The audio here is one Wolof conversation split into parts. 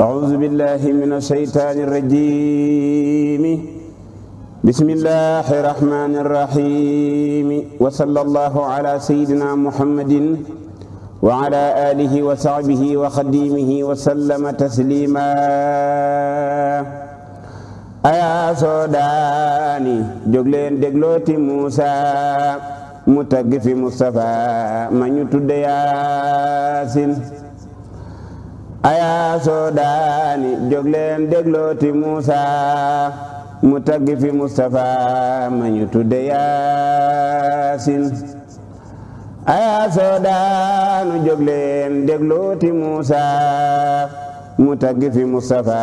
أعوذ بالله من الشيطان الرجيم بسم الله الرحمن الرحيم وصلى الله على سيدنا محمد وعلى آله وصحبه وخديمه وسلم تسليما أيا سوداني جوغلين دجلوتي موسى متقف مصطفى من يتدياسين ayaa soodaani jóg leen déglooti Muusa mu tagg fi Mustafa ma ñu tudde Yaasin ayaa soodaanu jóg leen déglooti Muusa mu tagg fi Mustafa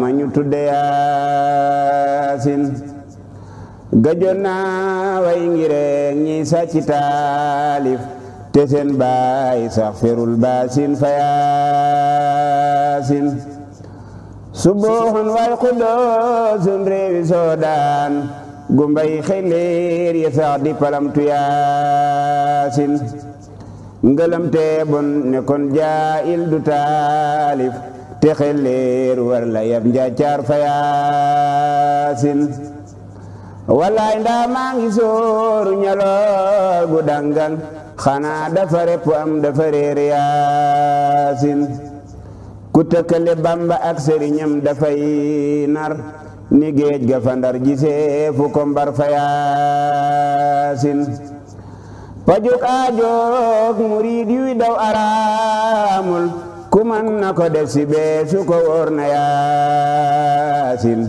ma ñu tudde Yaasin gajoon naa way ngire ñi sàcc taalif te seen baay sax ferul baasin fayaasin subuhun wal qudusun réewi soodaan gumbay xeleer ya sax di palamtu yaasin ngëlamte bon ne kon jaayil du taalif te xeleer war la yab njaacaar fayaasin wallaay ndaa maa ngi sooru ñaloor gu dangal xanaa dafa repp am dafa réer yaasin ku tëkkale bamba ak sëriñam dafay nar ni géej ga fa ndar gisee fu mbar fa yaasin pajuk aajoog muriid yuy daw araamul ku man na ko def si beesu ko na yaasin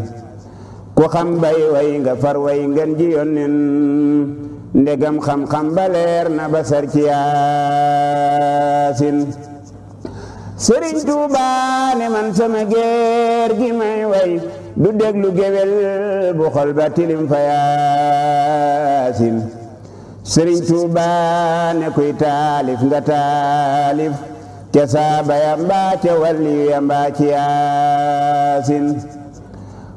ku xam bay way far way ji yonnin ndegam xam-xam ba na ba sar yaasin sëriñ Tuuba ne man sama géer gi may way du déglu géwél bu xol ba tilim fa yaasin sëriñ Tuuba ne kuy taalif nga taalif ca saaba ya mbaa walli ya mbaa yaasin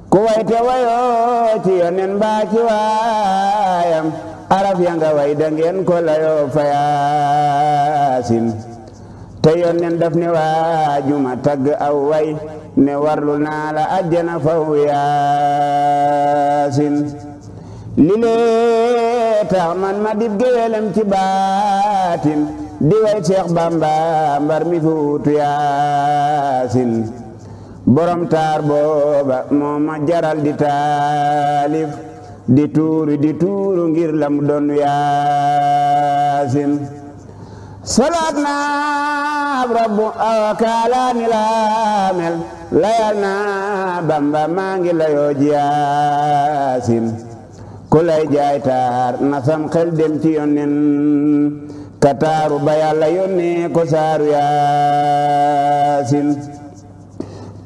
ku way te wayoo ci yonen mbaa ci waayam araf ya nga way da ngeen fa yaasin te yónneen daf ne waajuma tagg aw way ne warlu naa ajjana faw yaasin li lee man ma dib géwélem ci baatin di way Seex Bamba mbar mi fuutu yaasin borom taar booba moo ma jaral di taalif di tuuru di tuuru ngir lam doon yaasin salaat naab rabbu awakaalaani laamel layal naa bamba maa ngi layoo jiyaasin ku lay jaay taar nasam xel dem ci yónnen kataaru ba yàlla yónnee ko saaru yaasin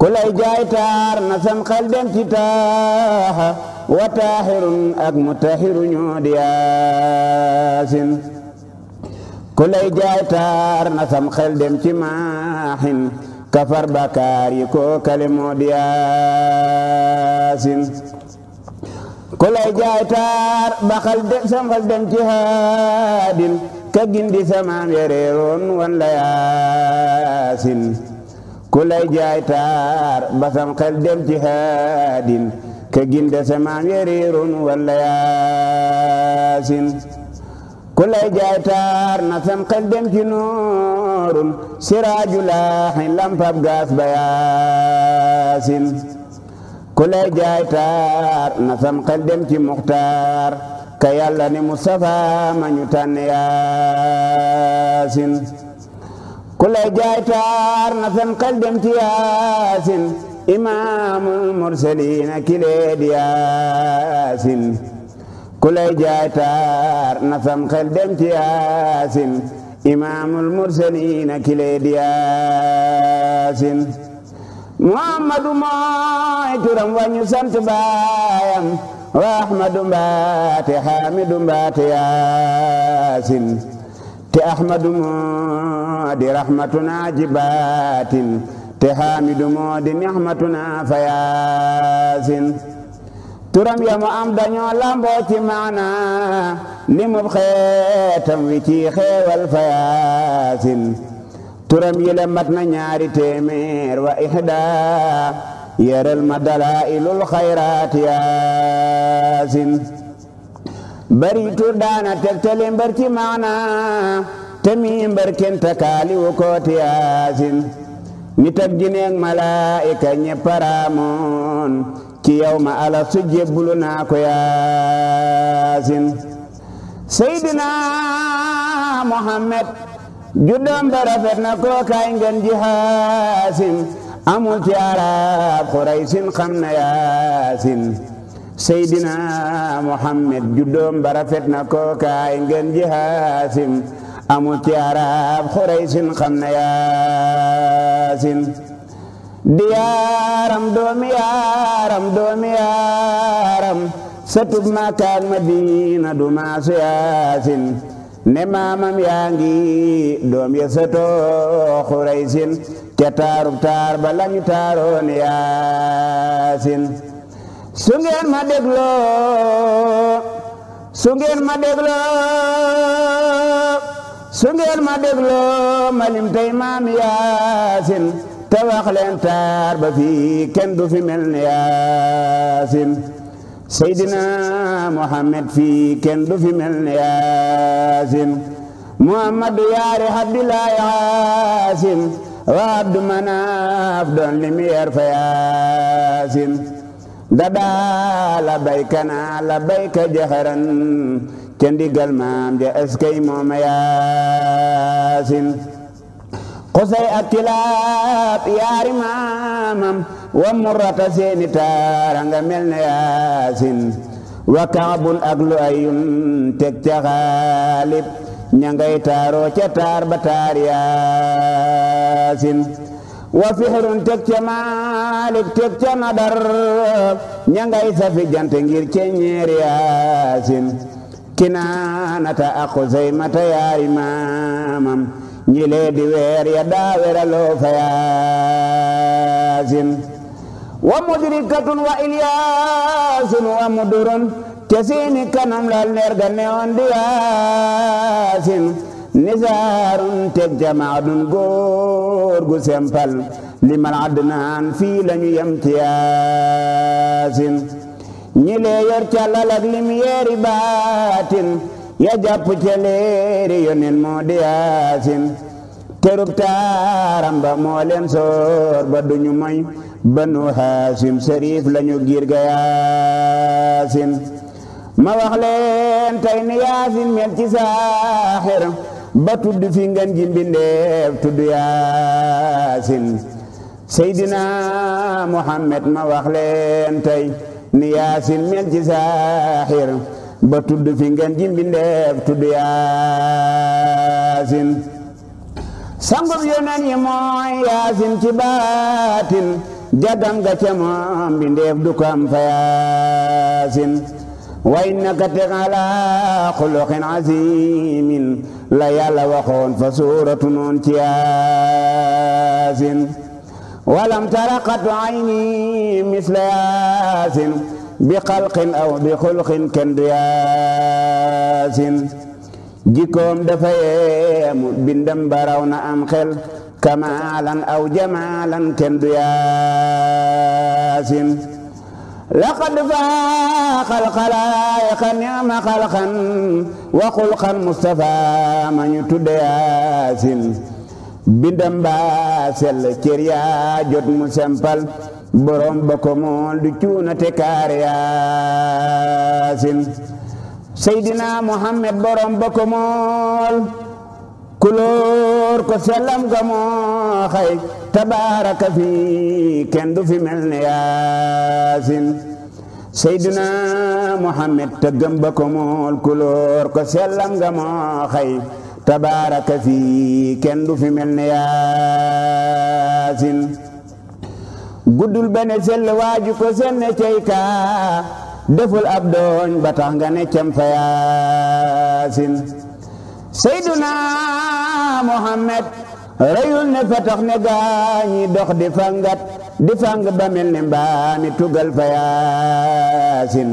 ku lay jaay taar nasam xel dem ci wa taaxirun ak mu taaxiru yaasin ku lay jaay taar na sam xel dem ci maaxin kafar bakaar yi koo kale moo yaasin ku lay jaay taar ba xel dem ci haadin ka gindi samaam yereeroon wan la yaasin ku lay jaay taar ba sam xel dem ci haadin te ginde samaam yeriirun walla yaasin ku lay jaay taar na sam xel dem ci nuurun siraaju laaxin lampab gaas ba yaasin ku lay na sam xel dem ci muxtaar ka yàlla ni mustafa ma ñu tànn yaasin ku lay na sam xel dem ci yaasin imaamul mursaliina kilee di yaasin ku lay jaay taar na yaasin imaamul mursaliina kilee di yaasin muhammadu mooy turam wañu sant baayam wa ahmadu mbaate xaamidu mbaate yaasin te ahmadu moo di rahmatuna ji baatin te xaamidu moo di nixmatuna fa yaasin turam ya mu am dañoo lamboo ci maana limub xeetam wi ci xeewal fa yaasin turam yi la mat na ñaari wa ixda yeral ma dalailul xayraat yaasin bari tur daana tegtali mbar ci maana te mi mbar kenta kaaliwu kooti yaasin nit ak jinne ak malaayika ñépp raamoon ci yow ala su jébbulu naa yaasin seydina muhammad juddoom ba rafet na koo kaay ngeen ji haasin amul arab xuraysin xam na yaasin seydina muhammad juddoom ba rafet na koo kaay ngeen ji amut ci arab xuraysin na yaasin di yaaram doomi yaaram doomi yaaram satub makaak madina du maasu ne maamam yaa ngi doom ya satoo xuraysin ca taarub taar ba lañu taaroon yaasin ma dégloo su ma dégloo su ma dégloo malim tey maam yaasin te wax taar ba fii kenn du fi mel ni yaasin seydina muhammad fii kenn du fi mel ni yaasin muhammadu yaari abdilaahi yaasin wa abdu manaaf doon limiyeer fa yaasin dadaa la bayka naa la bayka jaxaran kenn diggal maam ja eskay mooma yaasin xusay ak yaari maamam wa murrata seeni taara nga mel ne yaasin wa kaabun ak lu ayun teg ca xaalib ña ngay taar ba taar yaasin wa fixrun teg ca maalik teg ca nadar ña ngay safi ngir ca ñeer yaasin kinaanata ak xuseymata yaari maamam ñilee di weer ya daaweraloo fa yaasin wa mudrikatun wa ilyaasun wa mudurun te kanam laal leer ga newoon di yaasin nisaarun teg jamaadun góor gu sempal limal adnaan fii lañu yem ci ñi lee yor càllal baatin ya jàpp ca yonin moo yaasin terub taaram ba soor ba duñu moy banu haasim sariif lañu giir ga yaasin ma wax leen tey ni yaasin mel ci ba tudd fi ngan ji mbindeef yaasin seydina muhammad ma wax leen tey ni yaasin mel ci saaxir ba tudd fi ngeen ji mbindeef tudd yaasin sangub yoneen yi mooy yaasin ci baatin jagam ga ca moom mbindeef du fa yaasin wa innaka teg alaa xuluqin azimin la yàlla waxoon fa suuratu noon ci yaasin ولم تر قط عيني مثل ياس بخلق أو بخلق كندياس jikkoom dafa yeemu bindam baraw na am xel kamaalan aw jamaalan kenn du yaasin laqad faaxal xalaayiqa ni'ma xalqan wa xulqan Mustafa ma ñu tudde yaasin bindam baa sell cër yaa jot mu sempal borom ba ko mool du cuuna te kaar yaasin seydina muhammad borom ba ko mool kulóor ko sellam ga moo xay tabaaraka fi kenn fi mel ne yaasin seydina muhammad tëggam ba ko mool kulóor ko sellam ga moo xay tabaaraka fii kenn du fi mel ne yaasin guddul ba ne sell waaju ko seen cey kaa deful ab dooñ ba tax nga ne cem fa yaasin sayduna muhammad reyul ne fa tax ne gaañi dox di fangat di fang ba mel ne mbaami tugal fa yaasin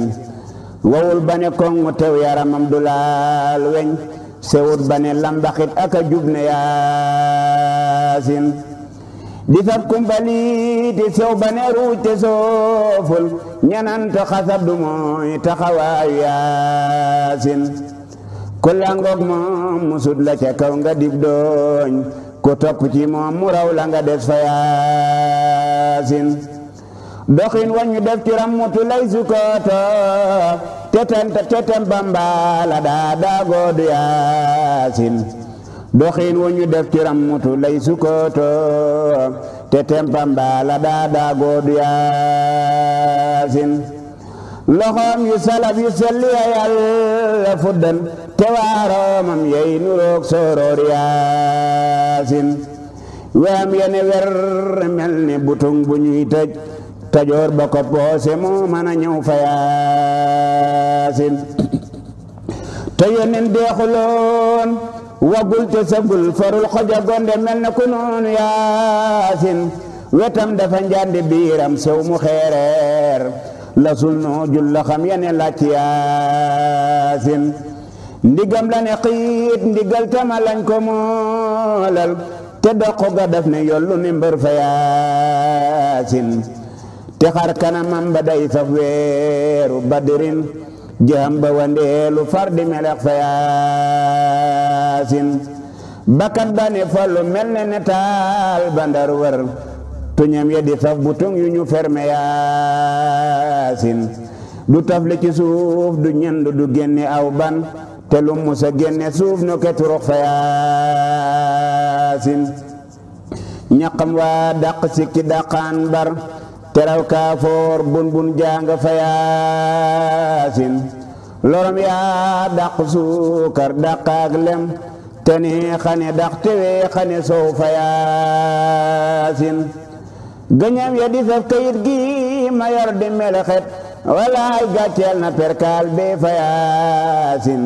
wawul ba ne koŋ tew yaramam du laal weñ sewut ba ne lambaxit ak a jub ne yaasin di sab kumpali ti sew ba ne ruuj te sooful ñananta xasab du mooy taxawaayu yaasin kulla ngoog moom musut la ca kaw nga dib dooñ ku topp ci moom mu raw la nga des fa yaasin doxin wañu def ci rammutu lay sukkooto teten te teten bamba la daa daagoo yaasin doxiin wu ñu def ci rammutu lay sukkooto teten bamba la daa daagoo yaasin loxoom yu salab yu selli ya yàlla fuddan te waaroomam yey nuroog sooroor yaasin weam yene wer mel ni butung bu ñuy tëj tajoor ba ko poose moo mën a ñëw fa yaasin te yónneen deexuloon wagul te sëggul farul xoja gonde mel na ku noonu yaasin wetam dafa njàndi biiram sew mu xeereer lasul noo jul la xam yene laaj yaasin ndigam la ne xiit ndigal tama lañ ko moolal te doq ga daf ne yollu ni mbër fa yaasin te xar kanamam ba day saf weeru badrin jëham ba wandeelu far di melex fa yaasin bakkat ba fallu mel ne ne taal ba ndar wër tuñam ya di saf bu yu ñu ferme yaasin du tafli ci suuf du ñendu du génne aw ban te lu musa génne suuf no ke turux fa yaasin ñaqam waa dàq sikki dàqaan bar teraw kaafoor bun bun jàng fa yaasin lorom yaa dàq suukar dàqaak lem te ni xane dàq tewe xane sow fa yaasin gëñam ya di saf kayit gi ma yor di melexet walaay gàcceel na perkaal bee fa yaasin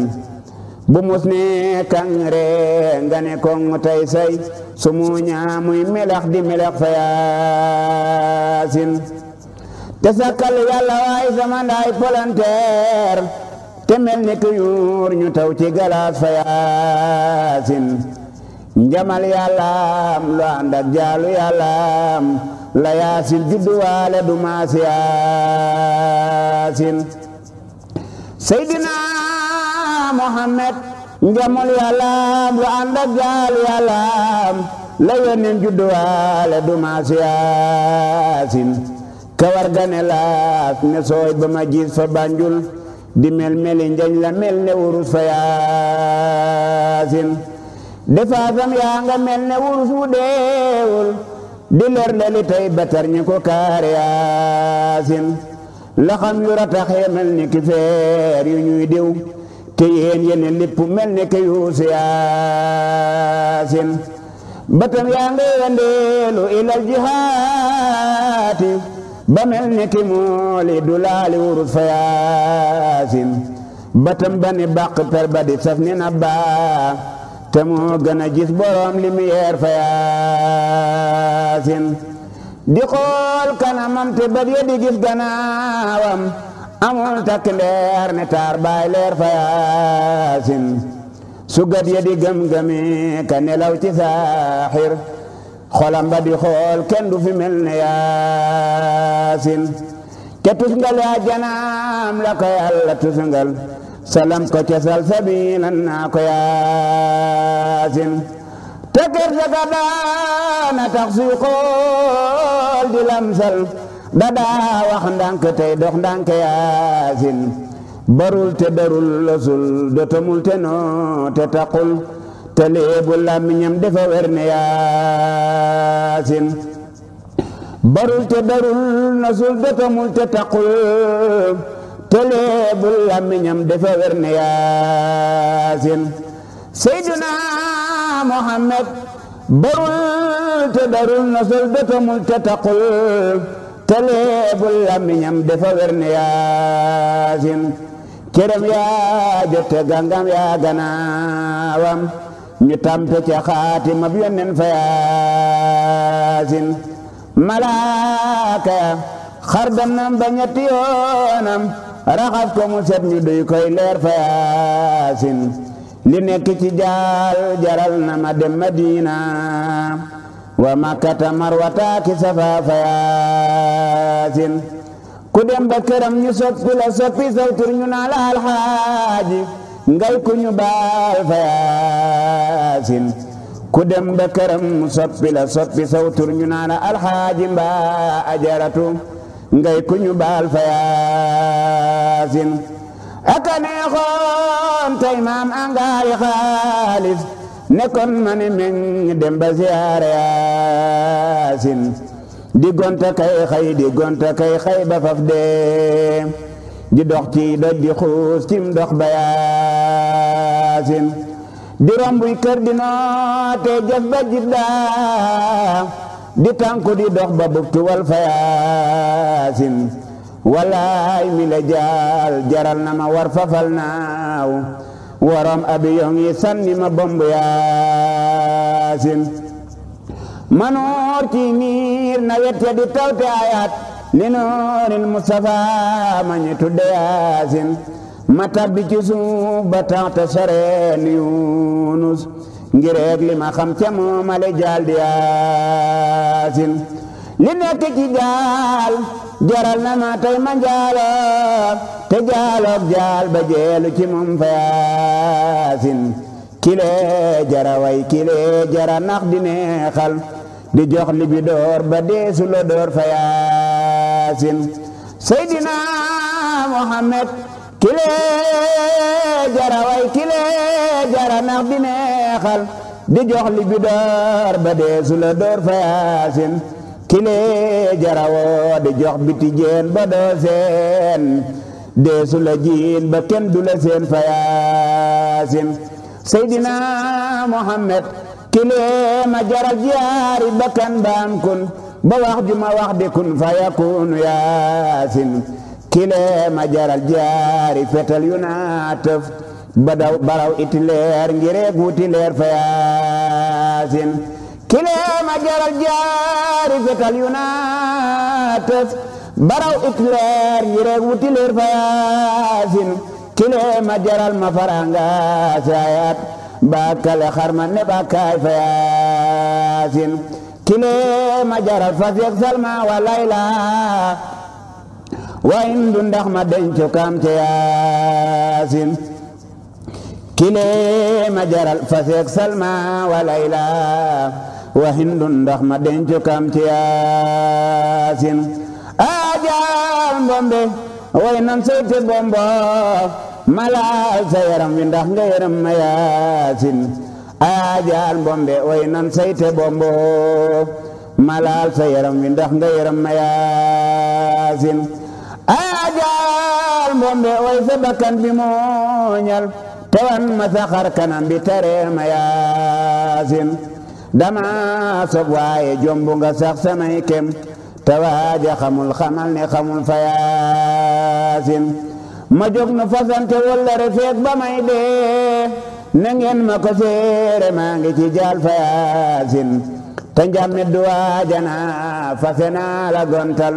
bu mus ne kangre nga ne kong tay say su mu di melax fa yaasin te sakkal yàlla waay sama polanteer te mel ni ku yuur ñu taw ci galaas fa yaasin njamal yàllaam lu ànd jaalu yàllaam la yaasin judduwaale du maas yaasin seydina Muhammad njamul yàllaam lu ànd ak jaal yàllaam la yónneen judduwaale du maas yaasin ne sooy ba ma gis fa banjul di mel meli njañ la mel ne wurus fa yaasin defaasam yaa nga mel ne wurus wu deewul di leer ndali tey batar ñi ko kaar la xam yu ratax mel ni ki feer yu ñuy diw te yéen yéen lépp mel ne ke yuusu yaasin batam yaa ngi wandeelu ilal jihaati ba mel ne ke mooli du wurus fa yaasin batam ba ni bàq per ba di saf ni na baa te moo gën a gis boroom lumière fa yaasin di xool kanamam te ba di gis gannaawam amul takk ndeer ne taar baay leer fa yaasin sugat ya di gëm-gëmi ka nelaw ci saaxir xolam di xool kenn du fi mel ne yaasin ke tusngal yaa janaam la ko yàlla tusngal salam ko cesal sabiilan naa ko yaasin te kër sa ka daana tax suy di lamsal dadaa wax ndànk tey dox ndànk yaasin barul te darul lasul dotamul te noo te taqul te léebu làmmiñam dafa wer yaasin barul te darul lasul dotamul te taqul te léebu làmmiñam dafa wer yaasin seyduna muhammad barul te darul lasul dotamul te taqul taleebul làmmiñam dafa wér ne yaasin këram yaa jotte gàngam yaa ganaawam ñu tampe ca xaatimab yonnen fa yaasin malaaka ya xar dannam ba ñetti yoonam raxas ko mu set ñu duy koy leer fa yaasin li nekk ci jaal jaral na ma dem Madina ومكة مروة كسفا فياسين كدم بكرم يسوك بلا سوكي سوتر ينال الحاج ngay ku ñu baal fa ku dem ba këram soppi la soppi sawtur ñu naan alxaaji mbaa ajaratu ngay ku ñu baal fa aka neexoon tey maam angaari xaalis nekkoon ma ni meññ dem ba siyaare yaasin di gonta kay xay di gonta kay xay ba faf dee di dox ci doj di xuus cim dox ba yaasin di rombuy kër di noote jëf ba jiddaa di tànku di dox ba buktu wal fa yaasin walaay mi la jaal jaral na ma war fafal naaw worom abiyon yi sanni ma bomb yaasin manoor ci niir nawet ya di tawte ayaat ni noorin Mustafa ma ñu tudde yaasin ma tabbi ci suuf ba tawte soreen Yunus ngireeg li ma xam ca moomale jaal di yaasin li nekk ci gaal jaral na ma tey te jaaloog jaal ba jeelu ci fa yaasin kile jara way kile jara nax di neexal di jox li door ba deesu la door fa yaasin seydina muhammad kile jara way kile jara nax di neexal di jox li door ba deesu la door fa yaasin kilee jarawoo di jox biti jeen ba doo deesu la jiin ba kenn du la seen fayaasin seydina muhammad kilee ma jara jaari bakkan baam kun ba wax ju ma wax di kun fayakunu yaasin kilee ma jaral jaari fetal yu naa ba daw baraw iti leer ngireeg wuti leer fayaasin كلاهما جرى الجار فتى اليوناتس براو إكلير يريك وتلير فياسين كلاهما جرى المفرانغا سايات باكال خرمان باكاي فياسين كلاهما جرى الفسيق سلمى وليلى وإن دون دخمة دنشو كام تياسين كلاهما جرى الفسيق سلمى وليلى wa hindun ndax ma denc kam ci yaasin ajaal mbombe way nan saytu bombo malaal sa yaram wi ndax nga yaram ma yaasin ajaal mbombe way nan sayte bombo malaal sa yaram wi ndax nga yaram ma yaasin ajaal mbombe way sa bakkan bi mooñal tawan ma sa xar bi tere ma yaasin dama waaye jombu nga sax samay kem tawaaja xamul xamal ne xamul fayaasin ma jóg nu fasante walla refeek ba may dee na ngeen ma ko seere maa ngi ci jaal fayaasin te njàmmit du waajana fase naa la gontal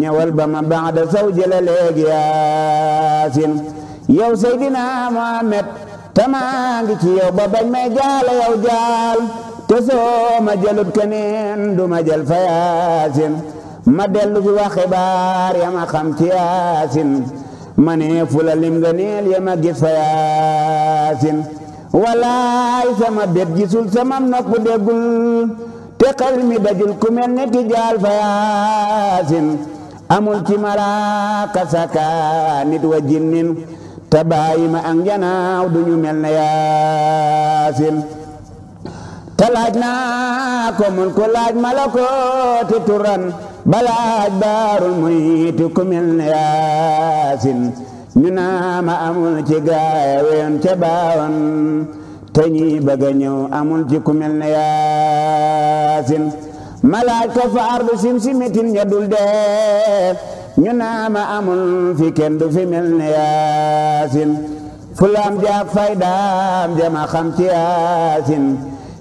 ñëwal ba ma baada saw jëla yaasin yow Seydina Muhammad te maa ngi ci yow ba bañ may jaala yow jaal te soo ma jëlut keneen du ma jël fa yaasin ma dellu ci wax xibaar ya ma xam ci yaasin ma ne fula lim nga neel ya ma gis fa yaasin walaay sama bët gisul sama nopp déggul te xel mi dajul ku mel ne ki jaal fa yaasin amul ci malaaka saka nit wa jinnin te bàyyi ma ak njanaaw du ñu mel ne yaasin te laaj naa ko mun ko laaj malakooti turan balaaj baarul muyti ku mel ne yaasin ñu ma amul ci gaaya weyoon ca baawan te ñi bëgg a ñëw amul ci ku mel ne yaasin malaaj ko fa ardu sim simitin ña dul dee ñu naa ma amul fi kenn fi mel ne yaasin fulaam jaak faydaam jama xam ci yaasin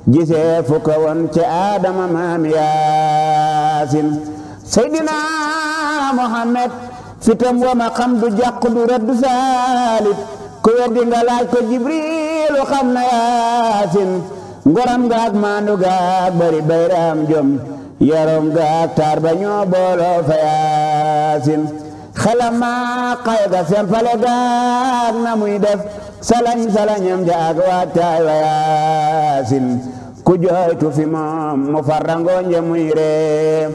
gisee fu ko woon yaasin seydina muhammad fitam wa ma xam du jàq du rëdd saalit ku weddi nga laaj ko jibriilu xam na yaasin ngoram gaag maandu gaag bari bayram jom yarom gaag taar ba ñoo booloo yaasin xelam maa xay ga sempale gaag na muy def salañ salañam ja ak waataay wa yaasin ku jooytu fi moom mu farrangoo nje muy ree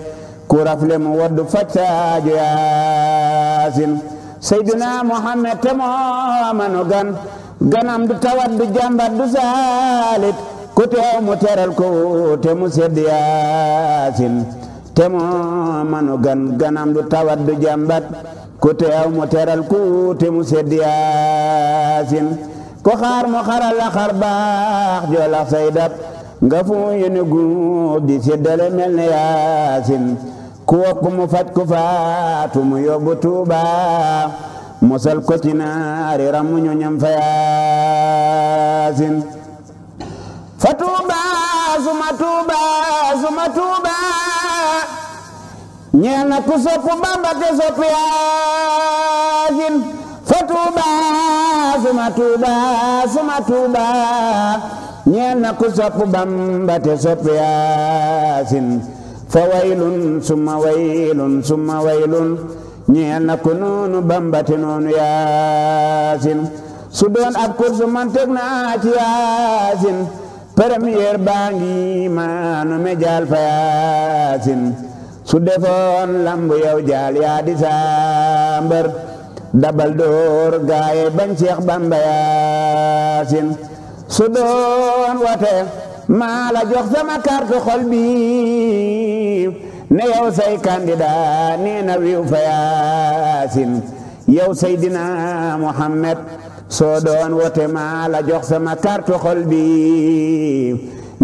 ku rafle mu waddu faccaaju yaasin sayduna muhammad te moo manu ganam du tawat du du saalit ku teew mu teral ko te mu yaasin te moo ganam du tawat du ku teew mu teral kuute mu sedd yaasin ku xaar mu xaral la xar baax joolax say dab nga fuuyu ni guub di seddale mel ne yaasin ku wokk mu faj ku faatu mu yóbbu tuuba musal ko ci naari ramu ñu fa yaasin fa tuuba suma tuuba suma tuuba ñeel na ku sopp Bamba te Yaasin fa tuuba suma tuuba suma tuuba ñeel na ku sopp Bamba te Yaasin fa waylun suma waylun suma waylun ñeel na ku noonu Bamba te Yaasin su doon ab kursu man teg naa ci Yaasin première baa ngi maanu me jaal fa Yaasin su defoon lamb yow jaal yaa di dabal door gaaye bañ Bamba Yaasin su doon wate maa la jox sama carte xol bi ne yow say candidat nee wiw fa Yaasin yow Seydina Muhammad soo doon wate maa la jox sama carte xol bi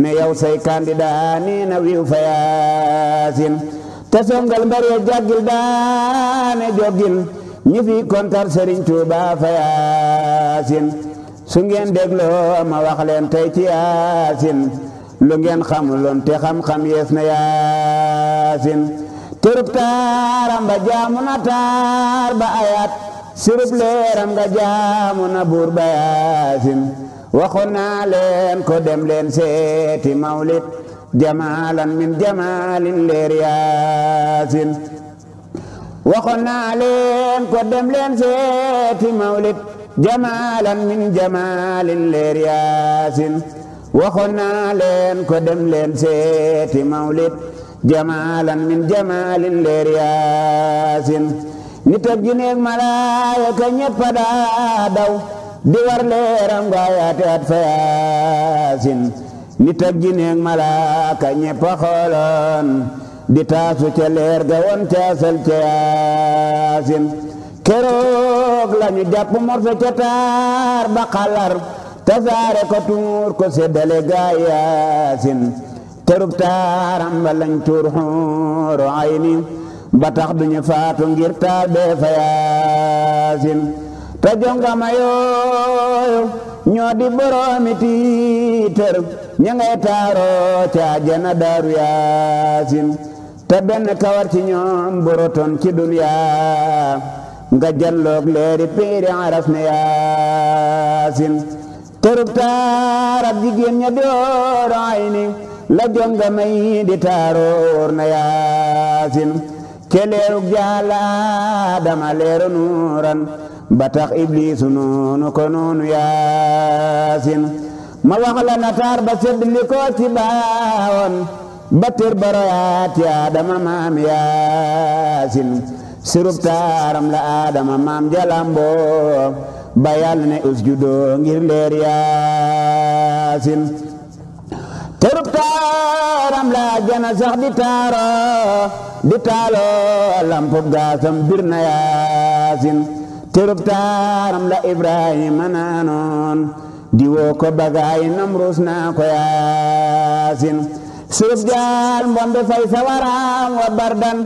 ne yow say candidat nee wiw fa Yaasin te songal mbar ya jaggil daane joggil ñi kontar Serigne Touba fa yaasin su ngeen dégloo ma wax leen tey ci yaasin lu ngeen xam loon te xam-xam yees na yaasin tërub taaram ba jaamu na taar ba ayaat sirub leeram nga jaamu na buur ba yaasin waxoon ko dem leen seeti mawlit jamaalan min jamaalin leer yaasin waxoon ko dem seeti mawlid jamaalan min jamaalin leer yaasin waxoon ko dem seeti mawlid jamaalan min jamaalin leer yaasin nit ak jinneeg malaayika ñépp a di war leeram gaayaate at fa yaasin nit ak jineeg malaaka ñépp a xooloon di taasu ca leer ga woon yaasin keroog lañu jàpp morso ca taar ba xalar tasaare ko tuur ko seddale gaa yaasin terub taaram ba lañ tuur xuuru ayni ba tax duñu faatu ngir taal fa yaasin ta jongama yooyu ñoo di boroomi tiitër ña ngay taaroo ca àjjana daaru yaasin te benn kawar ci ñoom boroton ci duniyaa nga janloog leeri piiri araf ne yaasin tërub taar ak jigéen di oor ay la jonga may di taaroo oor yaasin ke leerug jaala adama leeru nuuran ba ibliisu noonu ko noonu yaasin ma wax la nataar ba sedd li ko ci ba tër ba royaat ci aadama maam yaasin sirub taaram la aadama maam jalamboo ba yàlla ne usjudoo leer yaasin tërub taaram la jana di taaro di taalo lampub gaasam bir yaasin terub taaram la ibrahima naanoon di woo ko bagaay namrus naa ko yaasin surub jaal mbombe fay sawaraam wa bardan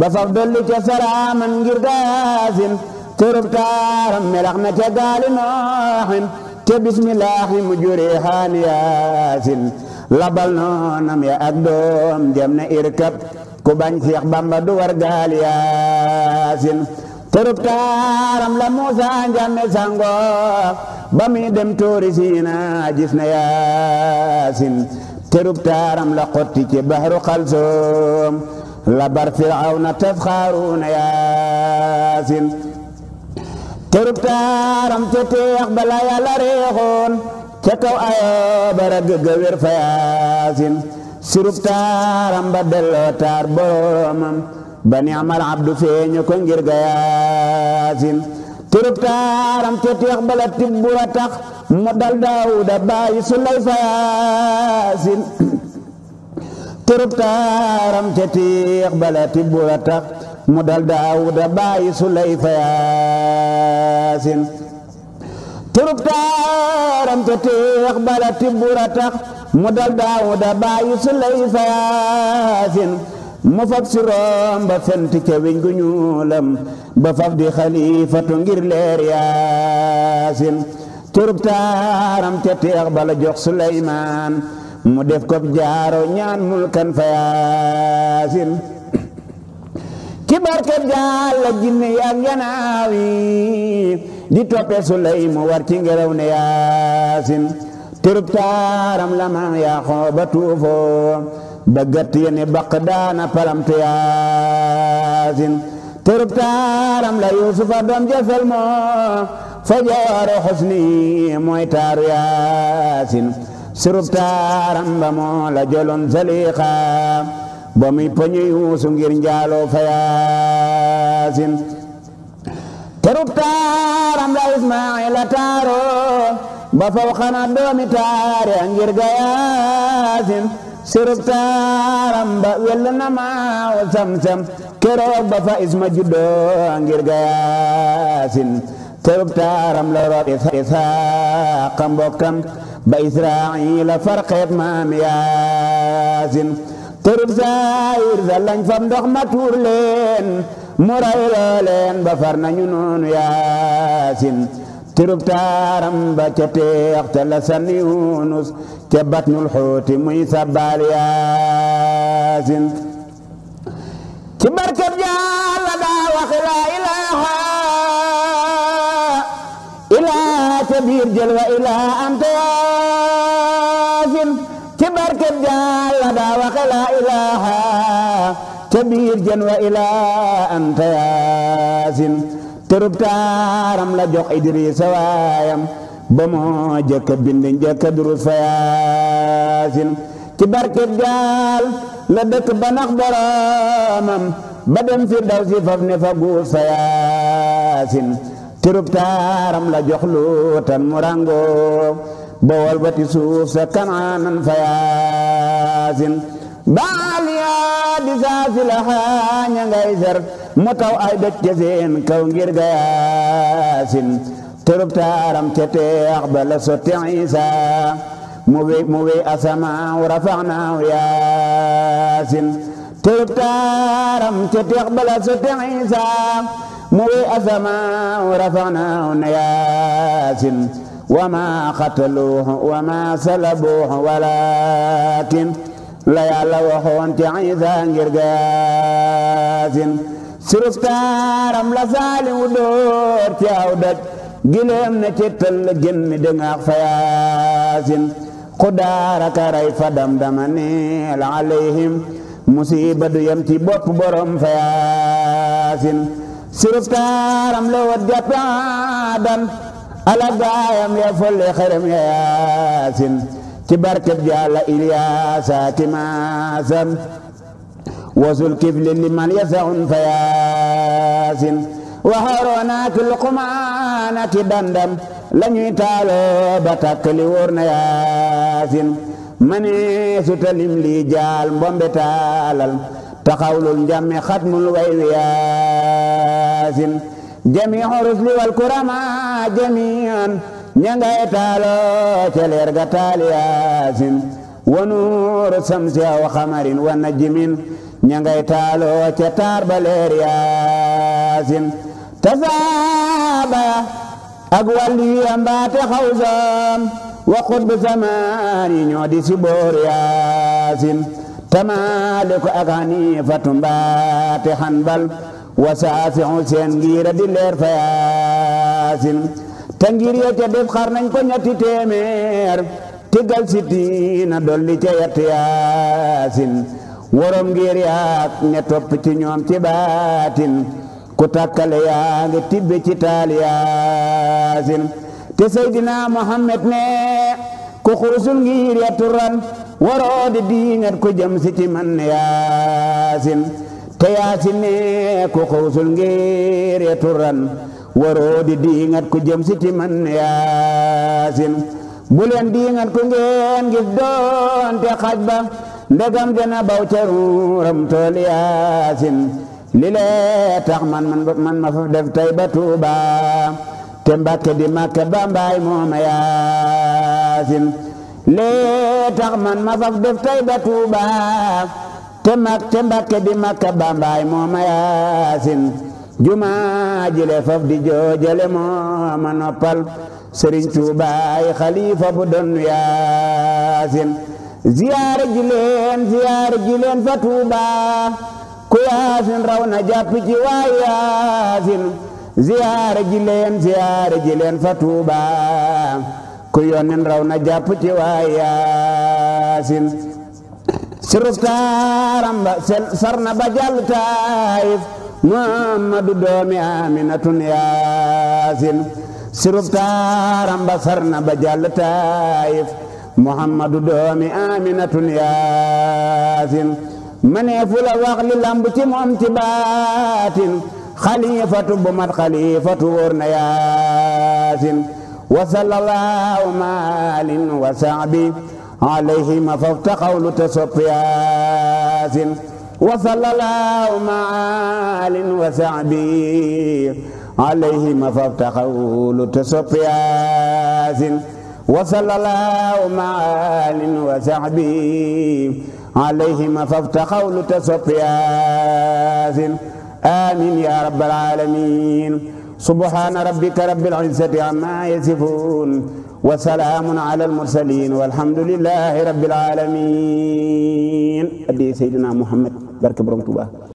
ba faf dolli ca saraaman ngir gaasin terub taaram melax na ca te bismillaahi mu juree xaan yaasin labal noonam ya ak dem na irkab ku bañ seex bamba du war yaasin terub taaram la Moussa Ndiame sango ba muy dem toori Siina gis na Yaasin terub taaram la xotti ci bahru Xalsoom la bar Firawna taf xaaruuna Yaasin terub taaram ca teex bala Yàlla reexoon ca kaw ayoo bara gëgga wér fa Yaasin sirub taaram ba delloo taar boromam ba ni'mal abdu feeñu ko ngir ga yaasin taaram te bala tibbura tax mu dal daawuda baayi sulayfa yaasin turub taaram te bala tibbura tax mu dal daawuda baayi sulayfa yaasin turub taaram mu fab siroom ba fent ca weñ gu ñuulam ba faf di xalifatu ngir leer yaasin turub taaram ca teex bala jox suleymaan def ko jaaro ñaan mulkan fa yaasin ci barke jàlla jinne yaak yanaaw yi di toppe suley war ci ngelaw ne yaasin turub taaram la ma yaa xooba tuufoo daggat yene baqdaana palamtu yaasin terub taaram la yusufa doom jafel moo fa jooru xusni mooy taaru yaasin sirub taaram ba moo la jolon saliqa ba muy poñe yuusu ngir njaaloo fa yaasin terub taaram la ismaila taaro ba faw doomi taare ngir yaasin sërëb saaram ba welu na maaw sam-sam keroog ba fa isma juddoo ngir gayaasin sërëb taaram la root isaaqa mbokkam ba israila farxeet maam yaasin tërëb saayir sa lañ fam ndox ma tuur leen mu ray looleen ba far nañu noonu yaasin tërëb taaram ba ca ta la sanni yunus ca batnul xooti muy sabbaal yaasin ci barkeb Yàlla daa wax laa ilaaha ilaa ca biir jël wa ilaa anta yaasin ci barkeb Yàlla daa wax laa ilaaha ca biir jël wa ilaa anta yaasin terub taaram la jox Idrisa waayam ba moo jëkk bind njëkk durus fa yaasin ci barkeb gaal la dëkk ba nax boroomam ba dem fi daw si faf ne fa guus fa yaasin tirub taaram la jox luutan mu rango ba walbati suuf sa kanaanan fa yaasin baal yaa di saasi la xaaña ngay ser mu taw ay doj seen kaw ngir yaasin tërëb taaram ca teex ba la sotti mu wéy mu wéy asamaaw rafaxnaaw yaasin tërëb taaram wa maa xataluuhu wa maa salabuuhu walaakin la waxoon ca isa ngir ga yaasin la saali wu door ci gileem ne cettal la gémmi dëngaax fa yaasin ku daaraka rey fa damdama neel alayhim musiba du yem ci bopp borom fa yaasin siruf taaram la wat jàppe ala gaayam ya folle xerem ya yaasin ci barkeb jaala ilyaasa ki maasan wasul kifli liman yasaun fa yaasin waxaroona ki lukumaana ti dandam lañuy taaloo ba takk li na yaasin mane su talim li jaal mbombe taalal taxawlul njammi xatmul way wi yaasin jami xorus li wal kurama jamian ñangay taaloo ca leer ga taal yaasin wanuuru samsi aw xamarin wa najmin ñangay taaloo ca taar ba yaasin tasaaba ak wàllu ya mbaate xawsam wa xutbu samaan yi ñoo di si yaasin tamaale ko ak hanifatu mbaate xanbal wa saasiu seen ngiira di leer fa yaasin te ngir ya ca def xar nañ ko ñetti téeméer tigal sittiina dolli ca yett yaasin worom ngir yaak ña topp ci ñoom ci baatin ku takkale yaa ngi tibbe ci taal yaasin te seydina muhammad ne ku xuusul ngir ya turan waroo di diingat ku jëm ci man yaasin te yaasin ne ku xuusul ngir ya turan waroo di diingat ku jëm ci man yaasin bu diingat ku ngeen gis doonte xaj ba ndegam dana baw ca ruuram yaasin li lee man ma fa def tay ba Tuuba te Mbàkke di Màkka Bambaay mooma yaasin lee tax man ma fa def tay ba Tuuba te mak te Mbàkke di Màkka Bambaay mooma yaasin jumaa jile faf di joojale mooma noppal Sëriñ Tuubaay xalifa bu doon yaasin ziyaare ji leen ziyaare fa Tuuba ku yaasin raw na jàpp ci waay yaasin ziyaara ji leen ziyaara ji leen fa ku yoonin raw na jàpp ci waay yaasin siruf taaram ba sarna ba jàll taayif muhammadu doomi aminatun yaasin maneefu la wax li lamb ci moom ci baatin xalifatu bu mat xalifatu wóor wa sallallahu maalin wa saabi alayhima fafta xawlu sopp yaasin wa sallallahu maalin wa saabi alayhima fafta xawlu sopp yaasin wa sallallahu maalin wa saabi alayhima faftaxaw lu ta soppi yaasin amin ya rabbal alamin subhaana rabbika rabbil izzati amma yasifun wa salaamun ala almursalin walhamdulillahi rabbil alamin addi sayyidina muhammad barke borom Tuuba